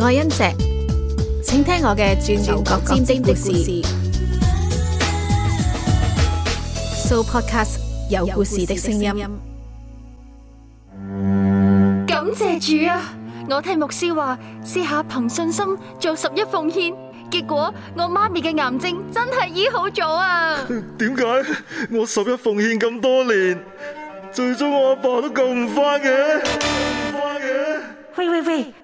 愛恩姐，請聽我嘅鑽牛角尖的故事。So podcast 有故事的聲音。感謝主啊！我聽牧師話，試下憑信心做十一奉獻，結果我媽咪嘅癌症真係醫好咗啊！點解我十一奉獻咁多年，最終我阿爸都救唔翻嘅？救唔翻嘅？喂喂喂！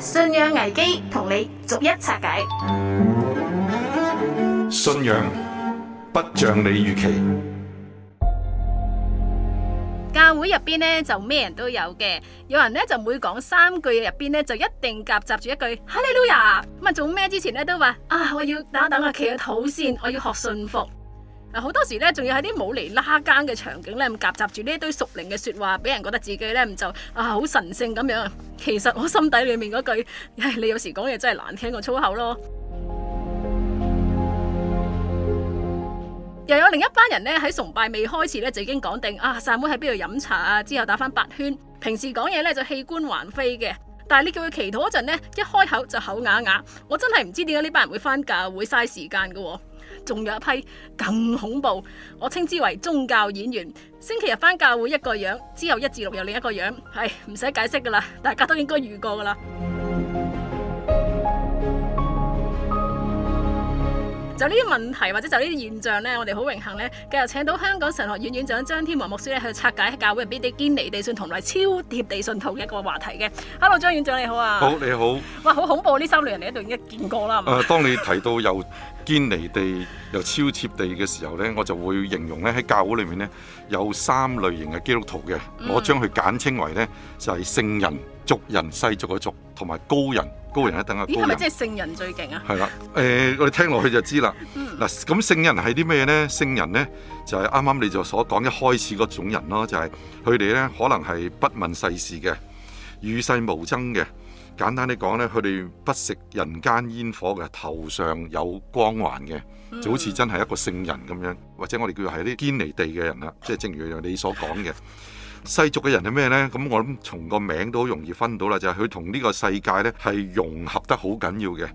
信仰危機同你逐一拆解。信仰不像你預期。教會入邊咧就咩人都有嘅，有人咧就每講三句入邊咧就一定夾雜住一句，吓你 l u a 咁啊，做咩之前咧都話啊我要等等啊企個肚先，我要學信服。嗱，好多時咧，仲要喺啲冇嚟拉更嘅場景咧，咁夾雜住呢一堆屬靈嘅説話，俾人覺得自己咧，就啊好神聖咁樣。其實我心底裏面嗰句係你有時講嘢真係難聽過粗口咯。 又有另一班人咧喺崇拜未開始咧，就已經講定啊細妹喺邊度飲茶啊，之後打返八圈。平時講嘢咧就氣貫雲飛嘅，但係你叫佢祈禱嗰陣咧，一開口就口啞啞。我真係唔知點解呢班人會返教，會嘥時間嘅喎。仲有一批更恐怖，我稱之為宗教演員。星期日返教會一個樣，之後一至六又另一個樣，係唔使解釋噶啦，大家都應該遇過噶啦。就呢啲問題或者就呢啲現象咧，我哋好榮幸咧，繼續請到香港神學院院長張天和牧師咧去拆解喺教會入邊啲堅尼地信同埋超貼地信徒嘅一個話題嘅。Hello，張院長你好啊！好，你好。哇，好恐怖！呢三類人嚟一度已經見過啦。誒，當你提到有，堅離地又超切地嘅時候咧，我就會形容咧喺教會裏面咧有三類型嘅基督徒嘅，我將佢簡稱為咧就係、是、聖人、俗人、世俗嘅俗，同埋高人。高人一等嘅高人。咦？係咪即係聖人最勁啊？係啦，誒、呃，我哋聽落去就知啦。嗱，咁聖人係啲咩咧？聖人咧就係啱啱你就所講一開始嗰種人咯，就係佢哋咧可能係不問世事嘅，與世無爭嘅。簡單啲講呢佢哋不食人間煙火嘅頭上有光環嘅，就好似真係一個聖人咁樣，或者我哋叫做係啲堅離地嘅人啦。即係正如你所講嘅，世俗嘅人係咩呢？咁我諗從個名都好容易分到啦，就係佢同呢個世界呢係融合得好緊要嘅。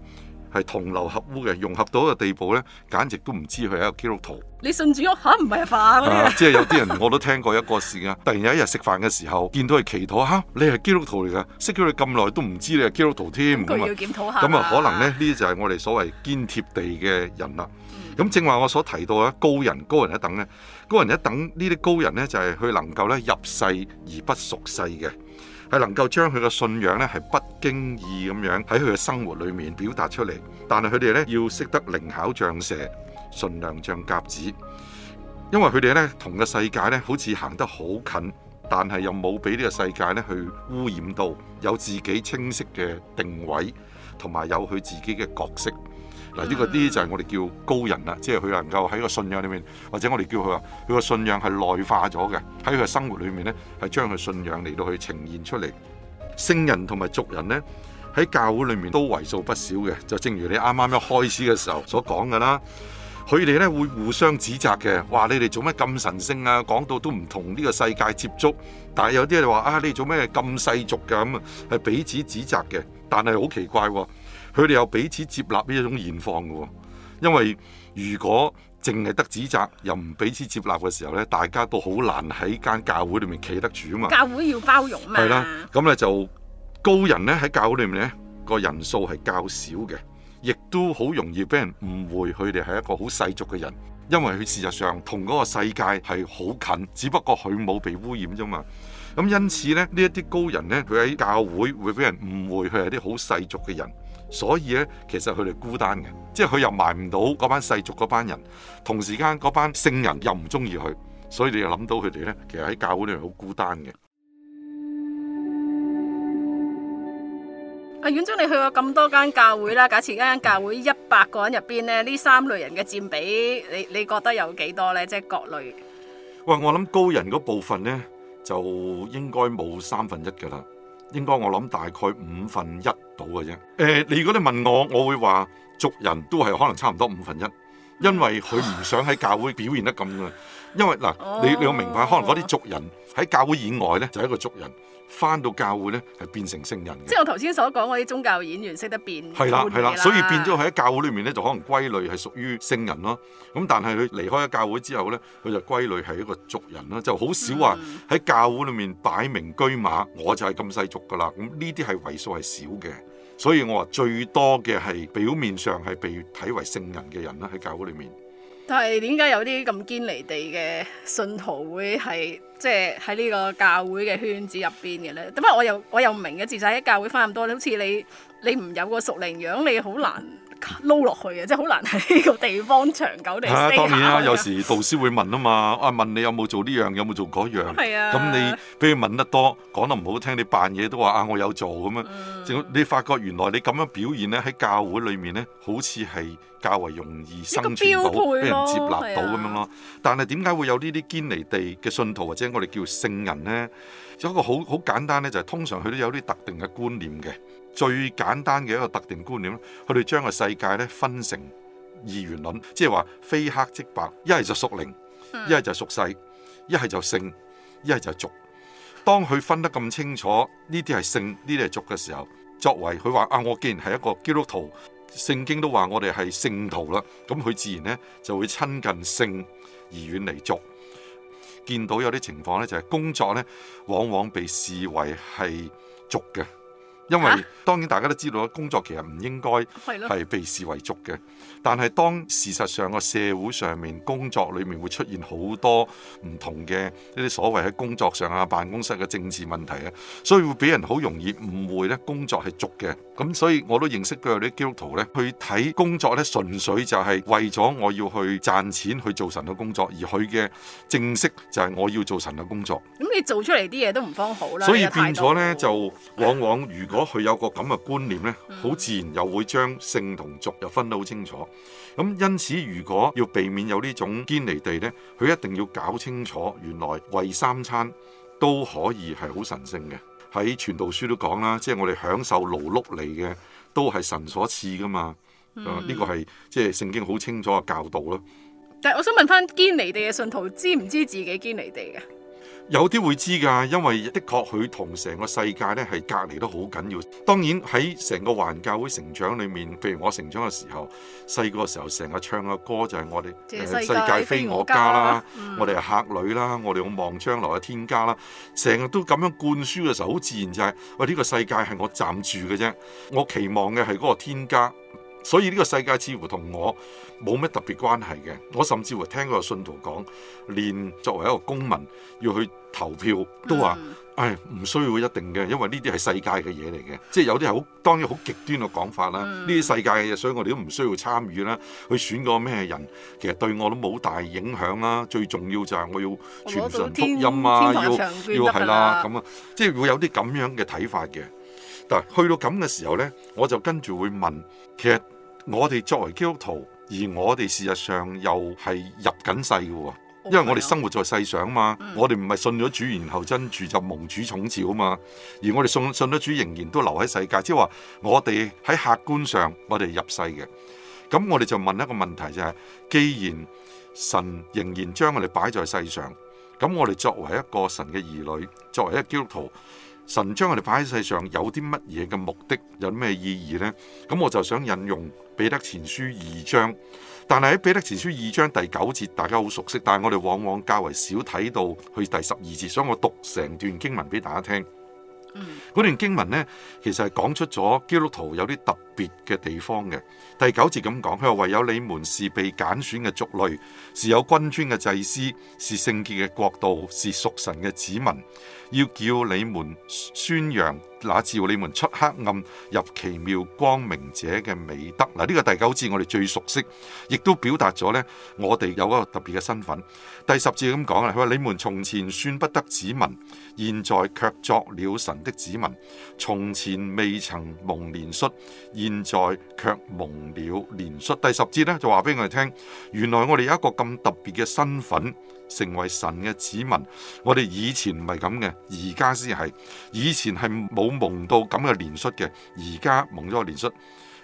係同流合污嘅，融合到一個地步咧，簡直都唔知佢係一個基督徒。你信主啊嚇，唔係阿爸嗰啲啊。即係有啲人我都聽過一個事啊，突然有一日食飯嘅時候，見到佢祈禱嚇，你係基督徒嚟噶，識咗你咁耐都唔知你係基督徒添。佢要檢討下。咁啊，可能咧呢啲就係我哋所謂堅貼地嘅人啦。咁正話我所提到嘅高人高人一等咧，高人一等呢啲高人咧就係佢能夠咧入世而不屬世嘅。係能夠將佢嘅信仰咧，係不經意咁樣喺佢嘅生活裏面表達出嚟。但係佢哋咧要識得靈巧像蛇，純良像鴿子，因為佢哋咧同個世界咧好似行得好近，但係又冇俾呢個世界咧去污染到，有自己清晰嘅定位，同埋有佢自己嘅角色。嗱，呢個啲就係我哋叫高人啦，即係佢能夠喺個信仰裏面，或者我哋叫佢話，佢個信仰係內化咗嘅，喺佢嘅生活裏面呢，係將佢信仰嚟到去呈現出嚟。聖人同埋族人呢，喺教會裏面都為數不少嘅，就正如你啱啱一開始嘅時候所講嘅啦，佢哋呢會互相指責嘅，話你哋做咩咁神聖啊，講到都唔同呢個世界接觸，但係有啲人話啊，你哋做咩咁世俗㗎咁啊，係彼此指責嘅，但係好奇怪喎、哦。佢哋又彼此接納呢一種現況嘅喎，因為如果淨係得指責，又唔彼此接納嘅時候咧，大家都好難喺間教會裏面企得住啊嘛。教會要包容嘛。係啦，咁咧就高人呢，喺教會裏面呢，個人數係較少嘅，亦都好容易俾人誤會佢哋係一個好世俗嘅人，因為佢事實上同嗰個世界係好近，只不過佢冇被污染啫嘛。咁因此呢，呢一啲高人呢，佢喺教會會俾人誤會佢係啲好世俗嘅人。所以咧，其實佢哋孤單嘅，即係佢又埋唔到嗰班世俗嗰班人，同時間嗰班聖人又唔中意佢，所以你又諗到佢哋咧，其實喺教會裡面好孤單嘅。阿院長，你去過咁多間教會啦，假設一間教會一百個人入邊咧，呢三類人嘅佔比，你你覺得有幾多呢？即係各類？喂，我諗高人嗰部分呢，就應該冇三分一㗎啦，應該我諗大概五分一。到嘅啫。誒，你如果你問我，我會話族人都係可能差唔多五分一，因為佢唔想喺教會表現得咁啊。因為嗱，你你要明白，可能嗰啲族人喺教會以外咧就係一個族人。翻到教會咧，係變成聖人嘅。即係我頭先所講，嗰啲宗教演員識得變，係啦係啦，所以變咗喺教會裏面咧，就可能歸類係屬於聖人咯。咁但係佢離開咗教會之後咧，佢就歸類係一個族人啦，就好少話喺教會裏面擺明車馬，我就係咁世俗㗎啦。咁呢啲係為數係少嘅，所以我話最多嘅係表面上係被睇為聖人嘅人啦，喺教會裏面。但係點解有啲咁堅離地嘅信徒會係即係喺呢個教會嘅圈子入邊嘅咧？咁啊，我又我又唔明嘅，自細喺教會返咁多，好像你好似你你唔有個熟靈樣，你好難。撈落去嘅，即係好難喺呢個地方長久地。係當然啦、啊，有時導師會問啊嘛，啊問你有冇做呢樣，有冇做嗰樣。啊，咁你畀佢問得多，講得唔好聽，你扮嘢都話啊，我有做咁樣。嗯，你發覺原來你咁樣表現咧，喺教會裏面咧，好似係較為容易生存到，俾、啊、人接納到咁樣咯、啊。但係點解會有呢啲堅離地嘅信徒，或者我哋叫聖人咧？有一個好好簡單咧、就是，就係通常佢都有啲特定嘅觀念嘅。最簡單嘅一個特定觀念，佢哋將個世界咧分成二元論，即係話非黑即白，一係就屬靈，一係就屬世，一係就聖，一係就俗。當佢分得咁清楚，呢啲係聖，呢啲係俗嘅時候，作為佢話啊，我既然係一個基督徒，聖經都話我哋係聖徒啦，咁佢自然咧就會親近聖而遠離俗。見到有啲情況咧，就係工作咧，往往被視為係俗嘅。因為、啊、當然大家都知道，工作其實唔應該係被視為俗嘅。但係當事實上個社會上面，工作裏面會出現好多唔同嘅一啲所謂喺工作上啊辦公室嘅政治問題啊，所以會俾人好容易誤會咧工作係俗嘅，咁所以我都認識到有啲基督徒咧去睇工作咧純粹就係為咗我要去賺錢去做神嘅工作，而佢嘅正式就係我要做神嘅工作。咁你做出嚟啲嘢都唔方好啦，所以變咗咧就往往，如果佢有個咁嘅觀念咧，好自然又會將聖同俗又分得好清楚。咁因此，如果要避免有呢種堅離地咧，佢一定要搞清楚，原來餵三餐都可以係好神聖嘅。喺傳道書都講啦，即係我哋享受勞碌嚟嘅，都係神所賜噶嘛。呢、嗯啊呢個係即係聖經好清楚嘅教導咯。但係我想問翻堅離地嘅信徒，知唔知自己堅離地嘅？有啲會知㗎，因為的確佢同成個世界咧係隔離得好緊要。當然喺成個環教會成長裏面，譬如我成長嘅時候，細個時候成日唱嘅歌就係我哋世、呃、世界非我家啦、嗯，我哋係客旅啦，我哋好望將來嘅天家啦，成日都咁樣灌輸嘅時候，好自然就係、是：喂、哎、呢、這個世界係我暫住嘅啫，我期望嘅係嗰個天家。所以呢個世界似乎同我冇咩特別關係嘅。我甚至乎聽個信徒講，連作為一個公民要去投票，都話、嗯、唉，唔需要一定嘅，因為呢啲係世界嘅嘢嚟嘅。即係有啲係好當然好極端嘅講法啦。呢、嗯、啲世界嘅嘢，所以我哋都唔需要參與啦。去選個咩人，其實對我都冇大影響啦。最重要就係我要傳傳福音啊，要要係啦咁啊，即係會有啲咁樣嘅睇法嘅。但係去到咁嘅時候咧，我就跟住會問，其實。我哋作為基督徒，而我哋事實上又係入緊世嘅，因為我哋生活在世上啊嘛，我哋唔係信咗主然後真住就蒙主寵召啊嘛，而我哋信信咗主仍然都留喺世界，即係話我哋喺客觀上我哋入世嘅。咁我哋就問一個問題就係、是，既然神仍然將我哋擺在世上，咁我哋作為一個神嘅兒女，作為一個基督徒。神將我哋擺喺世上，有啲乜嘢嘅目的，有啲咩意義呢？咁我就想引用彼得前書二章，但係喺彼得前書二章第九節，大家好熟悉，但係我哋往往較為少睇到去第十二節，所以我讀成段經文俾大家聽。嗰、嗯、段經文呢，其實係講出咗基督徒有啲特別嘅地方嘅第九節咁講，佢話唯有你們是被揀選嘅族類，是有君尊嘅祭司，是聖潔嘅國度，是屬神嘅子民，要叫你們宣揚那召你們出黑暗入奇妙光明者嘅美德。嗱，呢個第九節我哋最熟悉，亦都表達咗呢，我哋有一個特別嘅身份。第十節咁講啊，佢話你們從前算不得子民，現在卻作了神的子民；從前未曾蒙憐恤。現在卻蒙了連率。第十節咧，就話俾我哋聽，原來我哋有一個咁特別嘅身份，成為神嘅子民。我哋以前唔係咁嘅，而家先係。以前係冇蒙到咁嘅連率嘅，而家蒙咗個連率。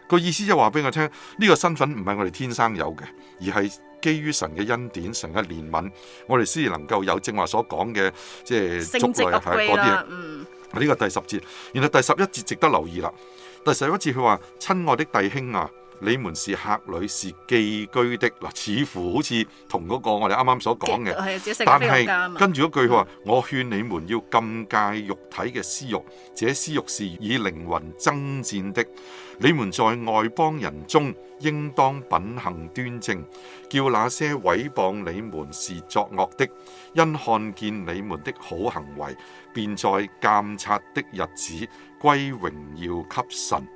個意思就話俾我聽，呢、這個身份唔係我哋天生有嘅，而係基於神嘅恩典、神嘅憐憫，我哋先至能夠有。正話所講嘅，即係升職 upgrade 啦。嗯、呢、這個第十節，然後第十一節值得留意啦。第十一次佢話：親愛的弟兄啊！你們是客旅，是寄居的，嗱，似乎好似同嗰個我哋啱啱所講嘅、就是，但係、嗯、跟住嗰句佢話：我勸你們要禁戒肉體嘅私欲，這私欲是以靈魂爭戰的。你們在外邦人中，應當品行端正，叫那些毀謗你們是作惡的，因看見你們的好行為，便在監察的日子歸榮耀給神。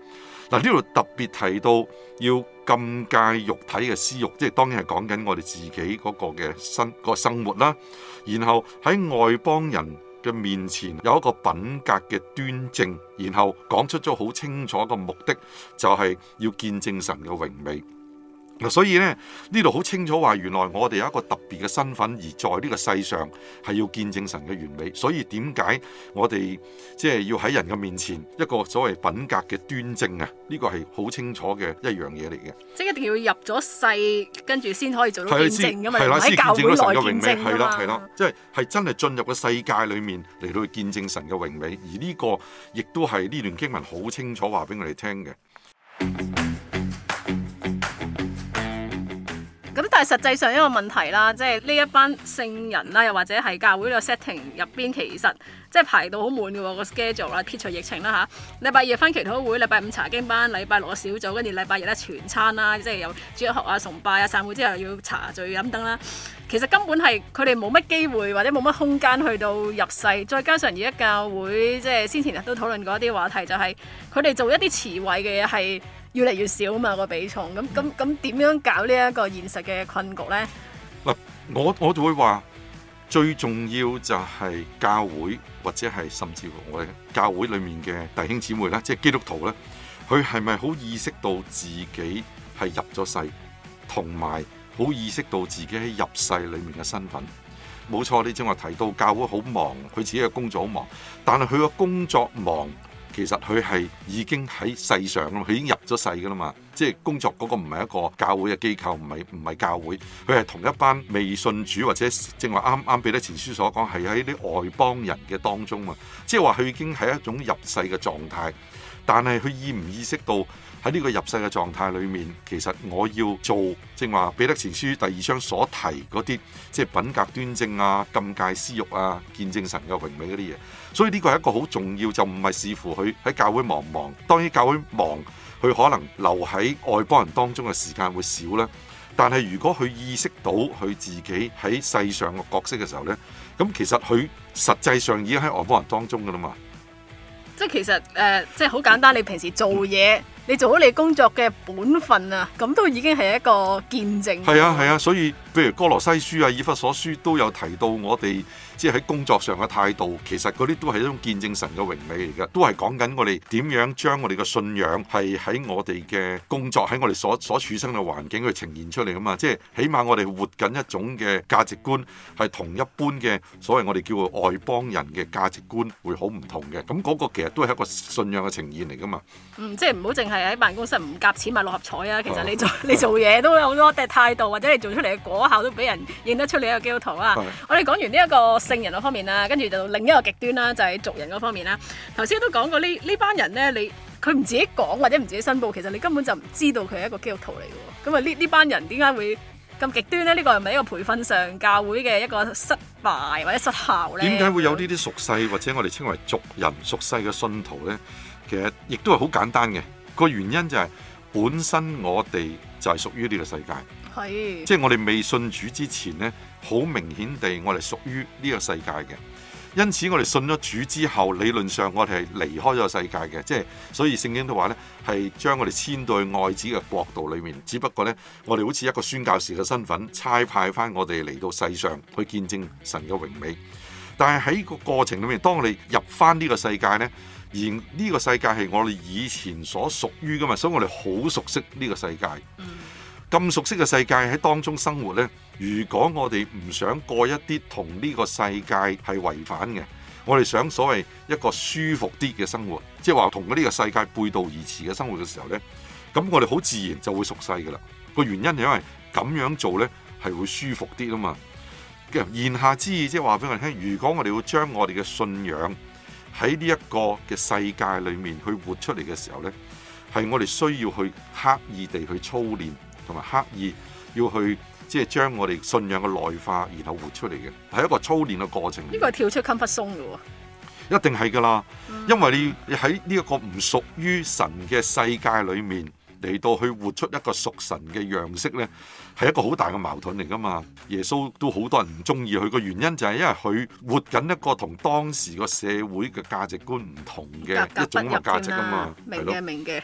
嗱，呢度特別提到要禁戒肉體嘅私欲，即係當然係講緊我哋自己嗰個嘅生個生活啦。然後喺外邦人嘅面前有一個品格嘅端正，然後講出咗好清楚嘅目的，就係要見證神嘅榮美。嗱，所以咧呢度好清楚話，原來我哋有一個特別嘅身份，而在呢個世上係要見證神嘅完美。所以點解我哋即係要喺人嘅面前一個所謂品格嘅端正啊？呢個係好清楚嘅一樣嘢嚟嘅。即係一定要入咗世，跟住先可以做到見證噶嘛？係啦，先見證咗神嘅榮美。係啦，係啦，即係係真係進入個世界裏面嚟到去見證神嘅榮美、美。而呢個亦都係呢段經文好清楚話俾我哋聽嘅。實際上一個問題啦，即係呢一班聖人啦，又或者係教會呢個 setting 入邊，其實即係排到好滿嘅喎，個 schedule 啦，撇除疫情啦吓，禮拜二返祈禱會，禮拜五查經班，禮拜六小組，跟住禮拜日咧全餐啦，即係有主日學啊、崇拜啊、散會之後要茶聚飲等啦。其實根本係佢哋冇乜機會或者冇乜空間去到入世，再加上而家教會即係先前都討論過一啲話題，就係佢哋做一啲慈惠嘅嘢係。越嚟越少啊嘛個比重，咁咁咁點樣搞呢一個現實嘅困局咧？嗱，我我就會話最重要就係教會或者係甚至乎我哋教會裡面嘅弟兄姊妹咧，即係基督徒咧，佢係咪好意識到自己係入咗世，同埋好意識到自己喺入世裡面嘅身份？冇錯，你正話提到教會好忙，佢自己嘅工作好忙，但係佢個工作忙。其實佢係已經喺世上啦，佢已經入咗世噶啦嘛。即係工作嗰個唔係一個教會嘅機構，唔係唔係教會，佢係同一班未信主或者正話啱啱彼得前書所講，係喺啲外邦人嘅當中啊！即係話佢已經係一種入世嘅狀態，但係佢意唔意識到喺呢個入世嘅狀態裏面，其實我要做，正話彼得前書第二章所提嗰啲，即係品格端正啊、禁戒私欲啊、見證神嘅榮美嗰啲嘢，所以呢個係一個好重要，就唔係視乎佢喺教會忙唔忙，當然教會忙。佢可能留喺外邦人當中嘅時間會少咧，但係如果佢意識到佢自己喺世上嘅角色嘅時候呢，咁其實佢實際上已經喺外邦人當中噶啦嘛。即係其實誒、呃，即係好簡單。你平時做嘢，你做好你工作嘅本分啊，咁、嗯、都已經係一個見證。係啊係啊，所以譬如《哥羅西書》啊，《以弗所書》都有提到我哋。即係喺工作上嘅態度，其實嗰啲都係一種見證神嘅榮美嚟嘅。都係講緊我哋點樣將我哋嘅信仰係喺我哋嘅工作，喺我哋所所處生嘅環境去呈現出嚟啊嘛！即係起碼我哋活緊一種嘅價值觀，係同一般嘅所謂我哋叫外邦人嘅價值觀會好唔同嘅。咁、那、嗰個其實都係一個信仰嘅呈現嚟噶嘛。嗯、即係唔好淨係喺辦公室唔夾錢買六合彩啊！其實你做、啊、你做嘢都有好多嘅態度，或者你做出嚟嘅果效都俾人認得出你係基督徒啊，啊！我哋講完呢、這、一個。聖人嗰方面啦，跟住就另一個極端啦，就係、是、俗人嗰方面啦。頭先都講過呢，呢班人呢，你佢唔自己講或者唔自己申報，其實你根本就唔知道佢係一個基督徒嚟嘅。咁啊，呢呢班人點解會咁極端呢？呢、這個係咪一個培訓上教會嘅一個失敗或者失效呢？點解會有呢啲屬世或者我哋稱為俗人屬世嘅信徒呢？其實亦都係好簡單嘅，個原因就係本身我哋，就係屬於呢個世界，係即係我哋未信主之前呢，好明顯地我哋屬於呢個世界嘅。因此我哋信咗主之後，理論上我哋係離開咗世界嘅。即係所以聖經都話呢，係將我哋遷到愛子嘅國度裏面。只不過呢，我哋好似一個宣教士嘅身份，差派翻我哋嚟到世上，去見證神嘅榮美。但係喺個過程裏面，當你入翻呢個世界呢，而呢個世界係我哋以前所屬於噶嘛，所以我哋好熟悉呢個世界。咁熟悉嘅世界喺當中生活呢，如果我哋唔想過一啲同呢個世界係違反嘅，我哋想所謂一個舒服啲嘅生活，即係話同呢個世界背道而馳嘅生活嘅時候呢，咁我哋好自然就會熟悉噶啦。個原因係因為咁樣做呢係會舒服啲啊嘛。言下之意即係話俾我聽，如果我哋要將我哋嘅信仰，喺呢一個嘅世界裏面去活出嚟嘅時候呢，係我哋需要去刻意地去操練，同埋刻意要去即係將我哋信仰嘅內化，然後活出嚟嘅，係一個操練嘅過程。呢、這個係跳出 comfort zone 嘅喎，一定係㗎喇，因為你喺呢一個唔屬於神嘅世界裏面。嚟到去活出一個屬神嘅樣式咧，係一個好大嘅矛盾嚟噶嘛。耶穌都好多人唔中意佢，個原因就係因為佢活緊一個同當時個社會嘅價值觀唔同嘅一種嘅價值啊嘛，格格不入，係咯。明嘅明嘅。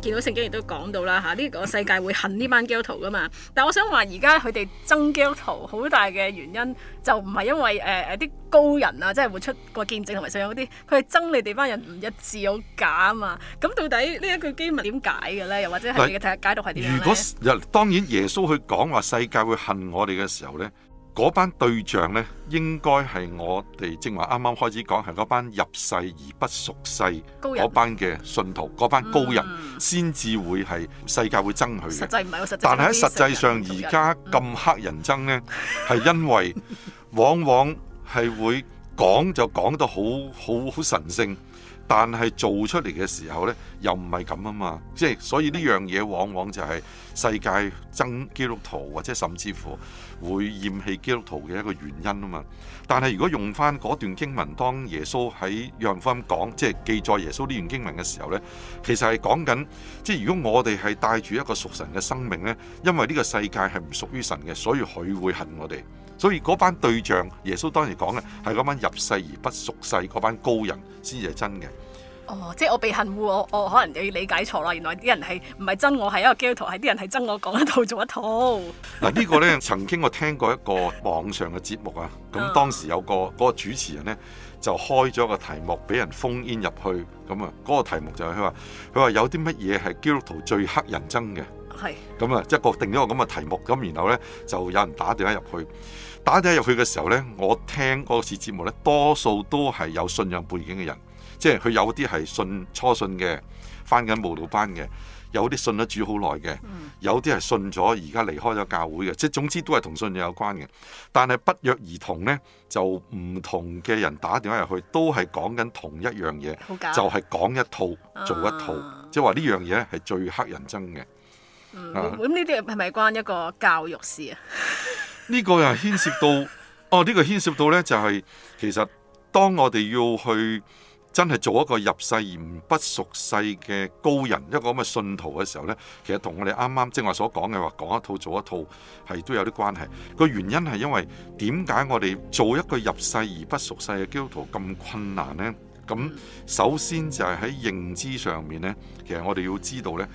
見到聖經亦都講到啦嚇，呢個世界會恨呢班基督徒噶嘛。但係我想話，而家佢哋憎基督徒好大嘅原因，就唔係因為誒誒啲高人啊，即係會出個見證同埋信有嗰啲，佢係憎你哋班人唔一致好假啊嘛。咁到底呢一句經文點解嘅咧？又或者係睇下解讀係點樣咧？如果當然耶穌去講話世界會恨我哋嘅時候咧。嗰班對象呢，應該係我哋正話啱啱開始講，係嗰班入世而不熟世，嗰班嘅信徒，嗰班高人，先至會係世界會憎佢嘅。實際唔係，我實際。但係喺實際上，而家咁黑人憎呢，係因為往往係會講就講得好好好神聖，但係做出嚟嘅時候呢，又唔係咁啊嘛。即係所以呢樣嘢，往往就係世界憎基督徒，或者甚至乎。會厭棄基督徒嘅一個原因啊嘛，但係如果用翻嗰段經文當耶穌喺約翰福音講，即係記載耶穌呢段經文嘅時候呢，其實係講緊，即係如果我哋係帶住一個屬神嘅生命呢，因為呢個世界係唔屬於神嘅，所以佢會恨我哋，所以嗰班對象耶穌當時講嘅係嗰班入世而不屬世嗰班高人先至係真嘅。哦，即係我被恨惡，我我可能你理解錯啦。原來啲人係唔係憎我，係一個基督徒，係啲人係憎我講一套做一套。嗱、這個、呢個咧， 曾經我聽過一個網上嘅節目啊。咁 當時有個嗰、那個、主持人咧，就開咗個題目俾人封煙入去。咁啊，嗰、那個題目就係佢話：佢話有啲乜嘢係基督徒最黑人憎嘅。係。咁啊，即係確定咗個咁嘅題目咁，然後咧就有人打電話入去。打電話入去嘅時候咧，我聽嗰次節目咧，多數都係有信仰背景嘅人。即係佢有啲係信初信嘅，返緊慕道班嘅；有啲信咗主好耐嘅；有啲係信咗而家離開咗教會嘅。即係總之都係同信仰有關嘅。但係不約而同呢，就唔同嘅人打電話入去，都係講緊同一樣嘢，就係、是、講一套做一套，啊、即係話呢樣嘢係最乞人憎嘅。咁呢啲係咪關一個教育事啊？呢、呢個又牽涉到 哦，呢、呢個牽涉到呢，就係、是、其實當我哋要去真係做一個入世而唔不熟世嘅高人，一個咁嘅信徒嘅時候呢，其實同我哋啱啱即係我所講嘅話講一套做一套，係都有啲關係。個原因係因為點解我哋做一個入世而不熟世嘅基督徒咁困難呢？咁首先就係喺認知上面呢，其實我哋要知道呢，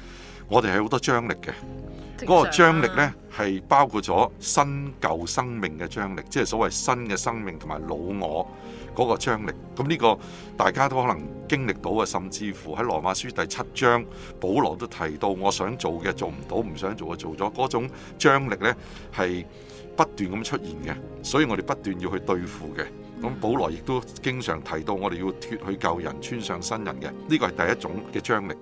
我哋係好多張力嘅，嗰個張力呢，係包括咗新舊生命嘅張力，即係所謂新嘅生命同埋老我。嗰、那個張力，咁呢個大家都可能經歷到嘅，甚至乎喺羅馬書第七章，保羅都提到，我想做嘅做唔到，唔想做嘅做咗，嗰種張力呢係不斷咁出現嘅，所以我哋不斷要去對付嘅。咁保羅亦都經常提到，我哋要脱去舊人，穿上新人嘅，呢個係第一種嘅張力。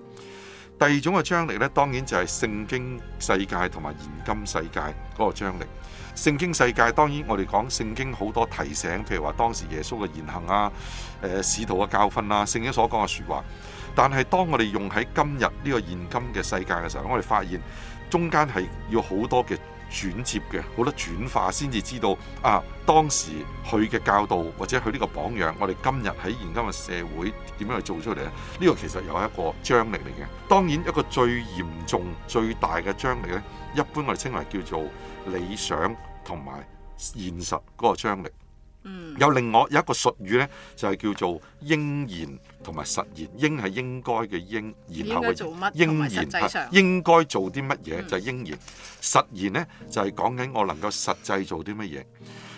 第二種嘅張力呢，當然就係聖經世界同埋現今世界嗰個張力。聖經世界當然我哋講聖經好多提醒，譬如話當時耶穌嘅言行啊、誒使徒嘅教訓啊、聖經所講嘅説話，但係當我哋用喺今日呢個現今嘅世界嘅時候，我哋發現中間係要好多嘅轉接嘅、好多轉化先至知道啊當時佢嘅教導或者佢呢個榜樣，我哋今日喺現今嘅社會點樣去做出嚟咧？呢個其實有一個張力嚟嘅。當然一個最嚴重、最大嘅張力呢，一般我哋稱為叫做，理想同埋現實嗰個張力，嗯，有另外有一個術語呢，就係、是、叫做應然同埋實然。應係應該嘅應，然後嘅應然係應該做啲乜嘢就係應然，實然呢，就係、是、講緊我能夠實際做啲乜嘢。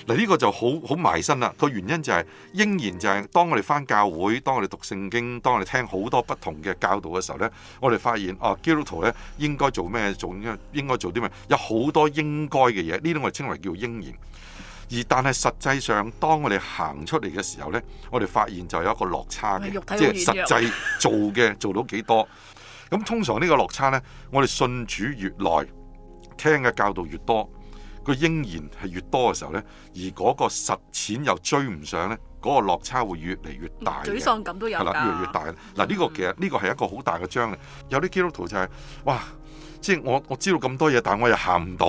嗱、這、呢個就好好埋身啦，個原因就係、是、應然就係當我哋返教會，當我哋讀聖經，當我哋聽好多不同嘅教導嘅時候呢，我哋發現哦、啊，基督徒咧應該做咩做應應該做啲咩？有好多應該嘅嘢，呢啲我哋稱為叫應然。而但係實際上，當我哋行出嚟嘅時候呢，我哋發現就有一個落差嘅，即係實際做嘅做到幾多少？咁 通常呢個落差呢，我哋信主越耐，聽嘅教導越多。佢仍然係越多嘅時候呢，而嗰個實踐又追唔上呢，嗰、那個落差會越嚟越大。沮喪感都有啦，越嚟越大。嗱、嗯、呢、這個其實呢、這個係一個好大嘅張力。有啲基督徒就係、是、哇，即、就、係、是、我我知道咁多嘢，但係我又行唔到。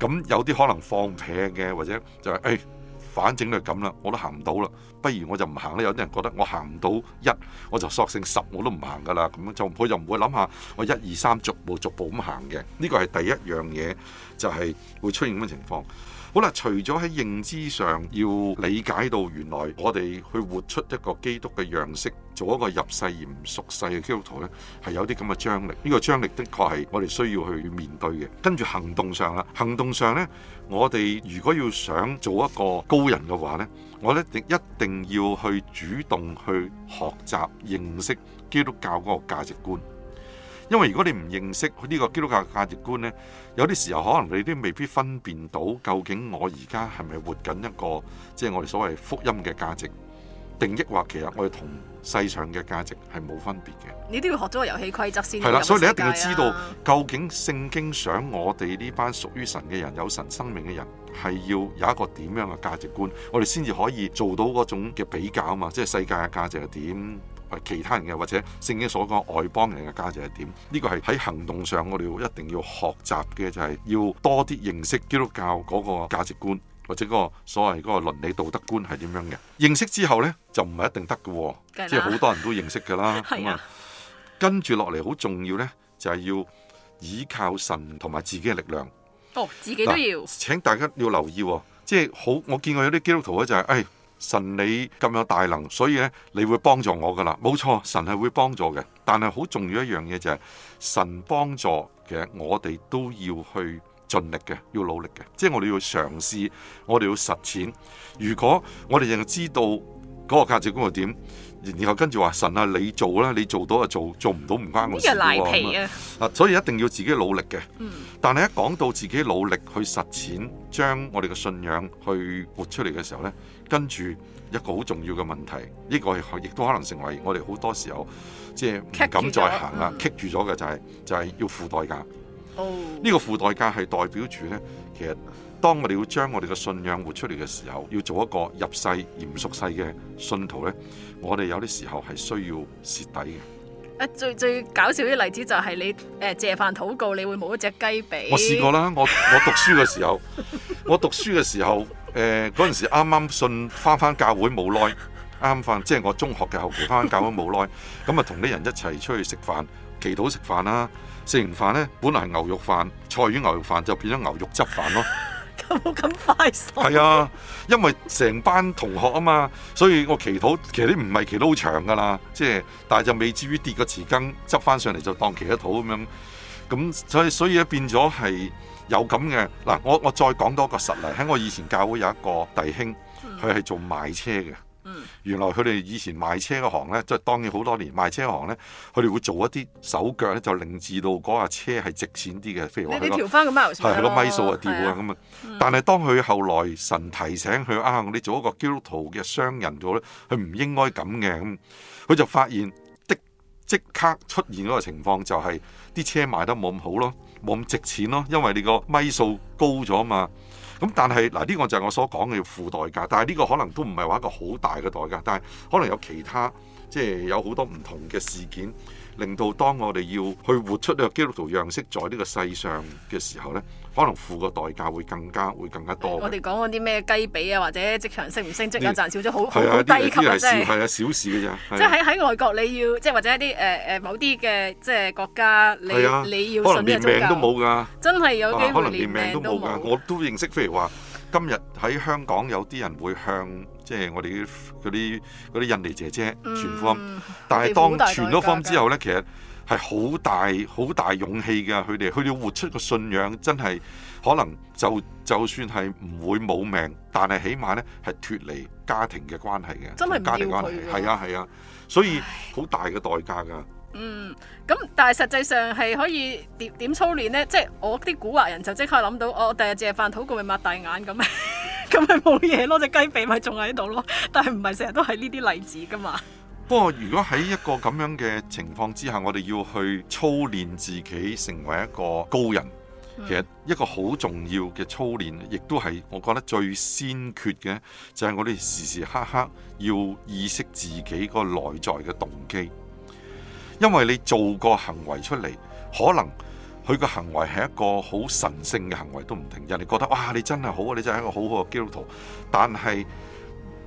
咁有啲可能放平嘅或者就係、是、誒。哎反正咧咁啦，我都行唔到啦，不如我就唔行啦。有啲人覺得我行唔到一，我就索性十我都唔行噶啦。咁樣就唔會就唔會諗下我一二三逐步逐步咁行嘅。呢個係第一樣嘢，就係會出現咁嘅情況。好啦，除咗喺認知上要理解到，原來我哋去活出一個基督嘅樣式，做一個入世而唔屬世嘅基督徒咧，係有啲咁嘅張力。呢個張力的確係我哋需要去面對嘅。跟住行動上啦，行動上咧，我哋如果要想做一個高人嘅話咧，我咧一定要去主動去學習認識基督教嗰個價值觀。因為如果你唔認識呢個基督教嘅價值觀呢，有啲時候可能你都未必分辨到究竟我而家係咪活緊一個，即係我哋所謂福音嘅價值定義，或其實我哋同世上嘅價值係冇分別嘅。你都要學咗個遊戲規則先係啦，所以你一定要知道究竟聖經想我哋呢班屬於神嘅人，有神生命嘅人係要有一個點樣嘅價值觀，我哋先至可以做到嗰種嘅比較啊嘛，即係世界嘅價值係點。其他人嘅，或者聖經所講外邦人嘅價值係點？呢個係喺行動上我哋一定要學習嘅，就係要多啲認識基督教嗰個價值觀或者嗰個所謂嗰個倫理道德觀係點樣嘅。認識之後呢，就唔係一定得嘅，即係好多人都認識噶啦。跟住落嚟，好重要呢，就係要倚靠神同埋自己嘅力量。哦，自己都要。請大家要留意，即係好，我見過有啲基督徒咧就係，哎。神你咁有大能，所以咧你會幫助我噶啦，冇錯，神係會幫助嘅。但係好重要一樣嘢就係神幫助嘅我哋都要去盡力嘅，要努力嘅，即係我哋要嘗試，我哋要實踐。如果我哋淨係知道。嗰個價值觀又點？然後跟住話神啊，你做啦，你做到就做，做唔到唔關我事喎。咁嘅賴皮啊！所以一定要自己努力嘅。嗯。但係一講到自己努力去實踐，將我哋嘅信仰去活出嚟嘅時候咧，跟住一個好重要嘅問題，呢個係亦都可能成為我哋好多時候即係唔敢再行啊，棘住咗嘅、嗯、就係就係要付代價。哦。呢個付代價係代表住咧，其實。當我哋要將我哋嘅信仰活出嚟嘅時候，要做一個入世嚴肅世嘅信徒呢，我哋有啲時候係需要蝕底嘅。最最搞笑啲例子就係你誒，謝飯禱告，你會冇一隻雞髀。我試過啦，我我讀書嘅時候，我讀書嘅時候，誒， 嗰、呃、陣時啱啱信翻返教會冇耐，啱翻即係我中學嘅後期翻返教會冇耐，咁啊同啲人一齊出去食飯祈禱食飯啦，食完飯呢，本嚟係牛肉飯，菜魚牛肉飯就變咗牛肉汁飯咯。冇咁 快速。係啊，因為成班同學啊嘛，所以我祈禱，其實啲唔係祈得好長噶啦，即係，但係就未至於跌個匙羹，執翻上嚟就當祈一禱咁樣，咁所以所以咧變咗係有咁嘅嗱，我我再講多一個實例，喺我以前教會有一個弟兄，佢係做賣車嘅。原來佢哋以前賣車嘅行咧，即係當然好多年賣車的行咧，佢哋會做一啲手腳咧，就令至到嗰架車係值錢啲嘅。譬如話，你調翻個米數。係係個米數啊，調啊咁啊！但係當佢後來神提醒佢啊，我哋、哎、做一個基督徒嘅商人咗咧，佢唔應該咁嘅。佢就發現的即刻出現嗰個情況就係啲車賣得冇咁好咯，冇咁值錢咯，因為你個米數高咗嘛。咁但係嗱，呢個就係我所講嘅要付代價，但係呢個可能都唔係話一個好大嘅代價，但係可能有其他即係有好多唔同嘅事件，令到當我哋要去活出呢個基督徒樣式在呢個世上嘅時候呢。可能付個代價會更加會更加多的，嗯。我哋講嗰啲咩雞髀啊，或者職場升唔升職啊，賺少咗好低級啊，真係係啊小事㗎啫。即係喺外國你要即係或者一啲誒誒某啲嘅即係國家，你、啊、你要信一宗教，真係有啲可能連命都冇㗎。可能連命都冇㗎，啊。我都認識，譬如話今日喺香港有啲人會向即係、就是、我哋啲嗰啲印尼姐姐傳 f、嗯、但係當傳咗 f 之後咧、嗯，其實。係好大好大勇氣嘅佢哋。佢哋活出個信仰真係可能就，就算係唔會冇命，但係起碼咧係脫離家庭嘅關係嘅，真係家庭關係係啊，係啊，所以好大嘅代價㗎。嗯，咁但係實際上係可以點點操練咧？即係我啲古惑人就即刻諗到，我第日食飯禱告咪擘大眼咁，咁咪冇嘢咯，隻雞髀咪仲喺度咯。但係唔係成日都係呢啲例子㗎嘛？不過，如果喺一個咁樣嘅情況之下，我哋要去操練自己成為一個高人，其實一個好重要嘅操練，亦都係我覺得最先決嘅，就係我哋時時刻刻要意識自己個內在嘅動機。因為你做個行為出嚟，可能佢個行為係一個好神聖嘅行為都唔定。人哋覺得哇，你真係好啊，你真係一個好好嘅基督徒，但係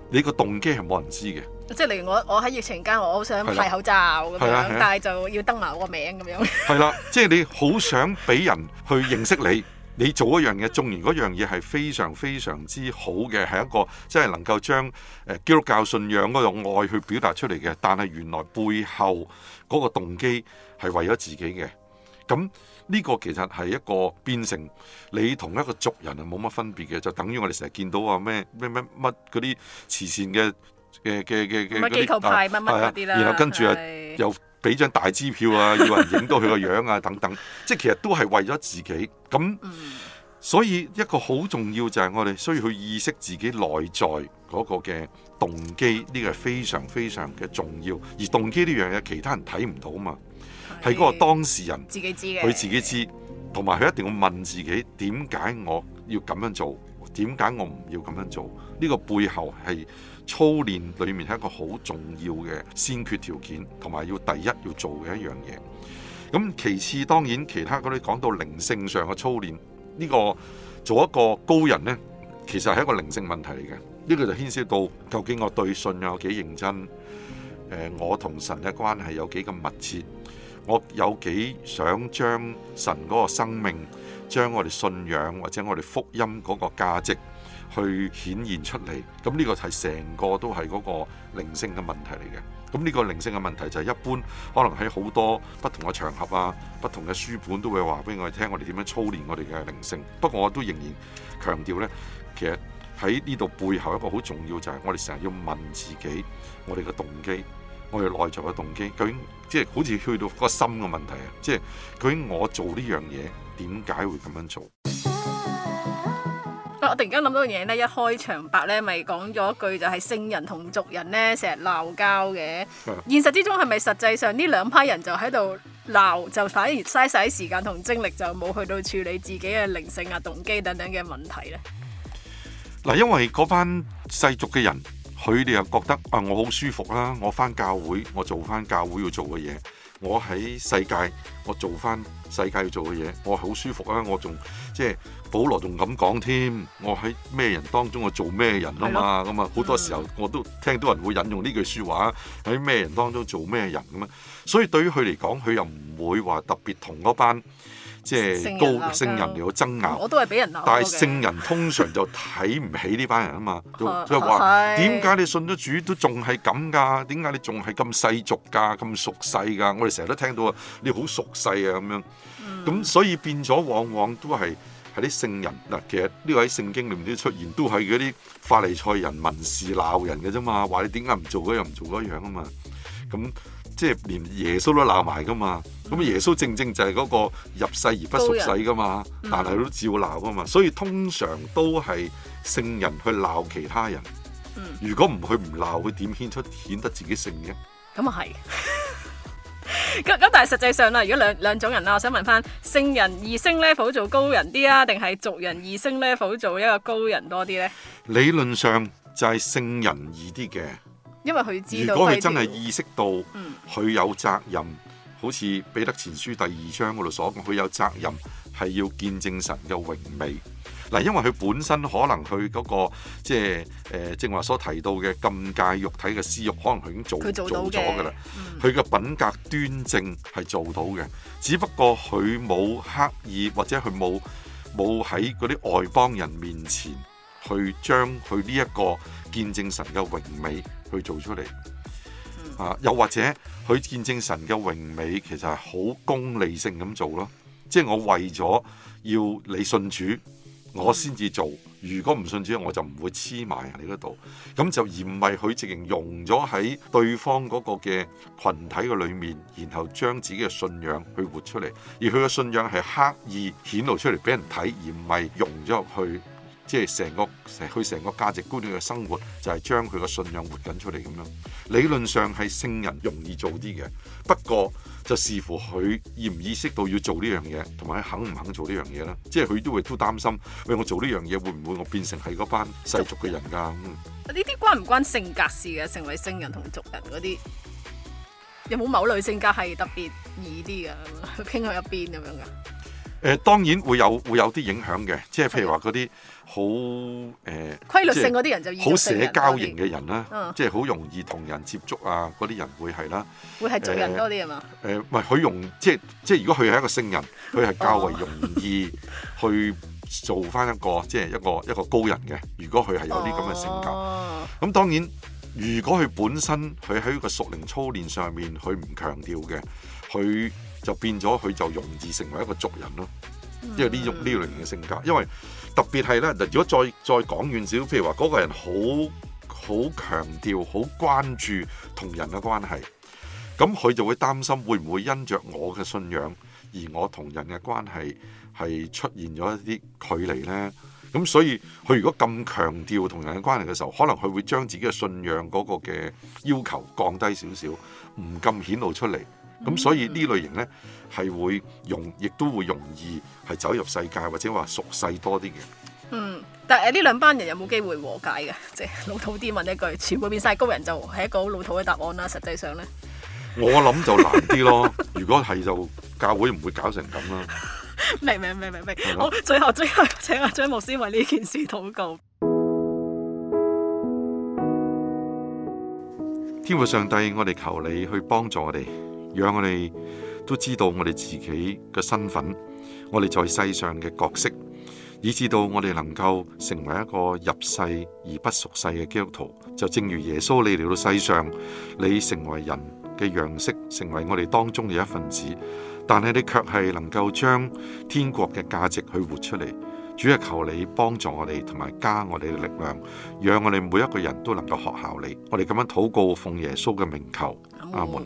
你個動機係冇人知嘅。即係例如我，我喺疫情間，我好想戴口罩咁樣，但係就要登埋我個名咁樣。係啦，即係你好想俾人去認識你， 你做一樣嘢，縱然嗰樣嘢係非常非常之好嘅，係一個即係能夠將誒基督教信仰嗰種愛去表達出嚟嘅。但係原來背後嗰個動機係為咗自己嘅。咁呢個其實係一個變成你同一個族人係冇乜分別嘅，就等於我哋成日見到話咩咩咩乜嗰啲慈善嘅。嘅嘅嘅嘅機構派乜乜嗰啲，係啊，然後跟住啊，又俾張大支票啊，要人影到佢個樣啊， 等等，即係其實都係為咗自己咁、嗯。所以一個好重要就係我哋需要去意識自己內在嗰個嘅動機，呢、這個係非常非常嘅重要。而動機呢樣嘢，其他人睇唔到啊嘛，係嗰個當事人自己知嘅，佢自己知，同埋佢一定要問自己：點解我要咁樣做？點解我唔要咁樣做？呢、這個背後係。操練裏面係一個好重要嘅先決條件，同埋要第一要做嘅一樣嘢。咁其次，當然其他嗰啲講到靈性上嘅操練，呢個做一個高人呢，其實係一個靈性問題嚟嘅。呢個就牽涉到究竟我對信有幾認真，我同神嘅關係有幾咁密切，我有幾想將神嗰個生命。將我哋信仰或者我哋福音嗰個價值去顯現出嚟，咁呢個係成個都係嗰個靈性嘅問題嚟嘅。咁呢個靈性嘅問題就係一般可能喺好多不同嘅場合啊、不同嘅書本都會話俾我哋聽，我哋點樣操練我哋嘅靈性。不過我都仍然強調呢，其實喺呢度背後一個好重要，就係我哋成日要問自己，我哋嘅動機，我哋內在嘅動機究竟。即、就、係、是、好似去到個心嘅問題啊！即係究竟我做呢樣嘢，點解會咁樣做？我突然間諗到嘢咧，一開場白咧，咪講咗一句就係聖人同俗人咧，成日鬧交嘅。現實之中係咪實際上呢兩批人就喺度鬧，就反而嘥晒啲時間同精力，就冇去到處理自己嘅靈性啊、動機等等嘅問題咧？嗱，因為嗰班世俗嘅人。佢哋又覺得啊，我好舒服啦！我翻教會，我做翻教會要做嘅嘢；我喺世界，我做翻世界要做嘅嘢。我好舒服啊！我仲即係保羅仲咁講添，我喺咩人當中我做咩人啊嘛？咁啊，好多時候我都聽到人會引用呢句説話：喺咩人當中做咩人咁啊？所以對於佢嚟講，佢又唔會話特別同嗰班。即係高聖人嚟到爭拗。我都係俾人鬧。但係聖人通常就睇唔起呢班人啊嘛， 就話點解你信咗主都仲係咁噶？點解你仲係咁世俗噶、咁熟世噶？我哋成日都聽到啊，你好熟世啊咁樣。咁、嗯、所以變咗，往往都係係啲聖人嗱。其實呢個喺聖經裏面出現都係嗰啲法利賽人、文士鬧人嘅啫嘛，話你點解唔做嗰樣唔做嗰樣啊嘛。咁即係連耶穌都鬧埋噶嘛。咁耶穌正正就係嗰個入世而不屬世噶嘛，嗯、但係佢都照鬧㗎嘛，所以通常都係聖人去鬧其他人。嗯、如果唔去唔鬧，佢點顯出顯得自己聖嘅？咁啊係。咁 咁， 但係實際上啦，如果兩兩種人啦，我想問翻聖人易升 level 做高人啲啊，定係俗人易升 level 做一個高人多啲咧？理論上就係聖人易啲嘅，因為佢知道佢，如果佢真係意識到佢有責任。嗯、佢好似《彼得前書》第二章嗰度所講，佢有責任係要見證神嘅榮美。嗱，因為佢本身可能佢嗰個即係誒，呃，正話所提到嘅禁戒肉體嘅私欲，可能佢已經做做咗㗎啦。佢嘅品格端正係做到嘅，只不過佢冇刻意或者佢冇冇喺嗰啲外邦人面前去將佢呢一個見證神嘅榮美去做出嚟。又或者佢見證神嘅榮美，其實係好功利性咁做咯，即係我為咗要你信主，我先至做。如果唔信主，我就唔會黐埋喺你嗰度。咁就而唔係佢直情融咗喺對方嗰個嘅群體嘅裏面，然後將自己嘅信仰去活出嚟，而佢嘅信仰係刻意顯露出嚟俾人睇，而唔係融咗入去。即係成個成佢成個價值觀念嘅生活，就係將佢個信仰活緊出嚟咁樣。理論上係聖人容易做啲嘅，不過就視乎佢意唔意識到要做呢樣嘢，同埋肯唔肯做呢樣嘢啦。即係佢都會都擔心，喂，我做呢樣嘢會唔會我變成係嗰班世俗嘅人噶？咁呢啲關唔關性格事嘅？成為聖人同族人嗰啲，有冇某類性格係特別易啲嘅？傾 向一邊咁樣噶？誒、呃，當然會有會有啲影響嘅，即係譬如話嗰啲。Okay. 好誒，呃、規律性嗰啲人就好社交型嘅人啦，okay。即係好容易同人接觸啊，嗰啲人會係啦，會係族人多啲啊嘛。誒、呃，唔係佢容，即係即係如果佢係一個聖人，佢係較為容易、oh。去做返一個 即係一個一個高人嘅。如果佢係有啲咁嘅性格，咁、oh。當然如果佢本身佢喺一個屬靈操練上面佢唔強調嘅，佢就變咗佢就容易成為一個族人咯。因為呢種呢類型嘅性格，因為特別係咧，如果再再講遠少，譬如話嗰個人好好強調、好關注同人嘅關係，咁佢就會擔心會唔會因着我嘅信仰而我同人嘅關係係出現咗一啲距離呢。咁所以佢如果咁強調同人嘅關係嘅時候，可能佢會將自己嘅信仰嗰個嘅要求降低少少，唔咁顯露出嚟。咁、嗯、所以呢類型咧係會容易，亦都會容易係走入世界或者話熟世多啲嘅。嗯，但誒呢兩班人有冇機會和解嘅？即、就、係、是、老土啲問一句，全部變晒高人就係一個好老土嘅答案啦。實際上咧，我諗就難啲咯。 如果係就教會唔會搞成咁啦 明明明明明，好，最後最後請阿張牧師為呢件事禱告。天父上帝，我哋求你去幫助我哋。讓我哋都知道我哋自己嘅身份，我哋在世上嘅角色，以至到我哋能夠成為一個入世而不屬世嘅基督徒。就正如耶穌你嚟到世上，你成為人嘅樣式，成為我哋當中嘅一份子，但係你卻係能夠將天國嘅價值去活出嚟。主啊，求你幫助我哋，同埋加我哋嘅力量，讓我哋每一個人都能夠學習你。我哋咁樣禱告，奉耶穌嘅名求，阿門。Oh.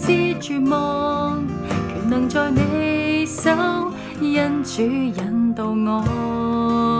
之絕望，權能在你手，因主引導我。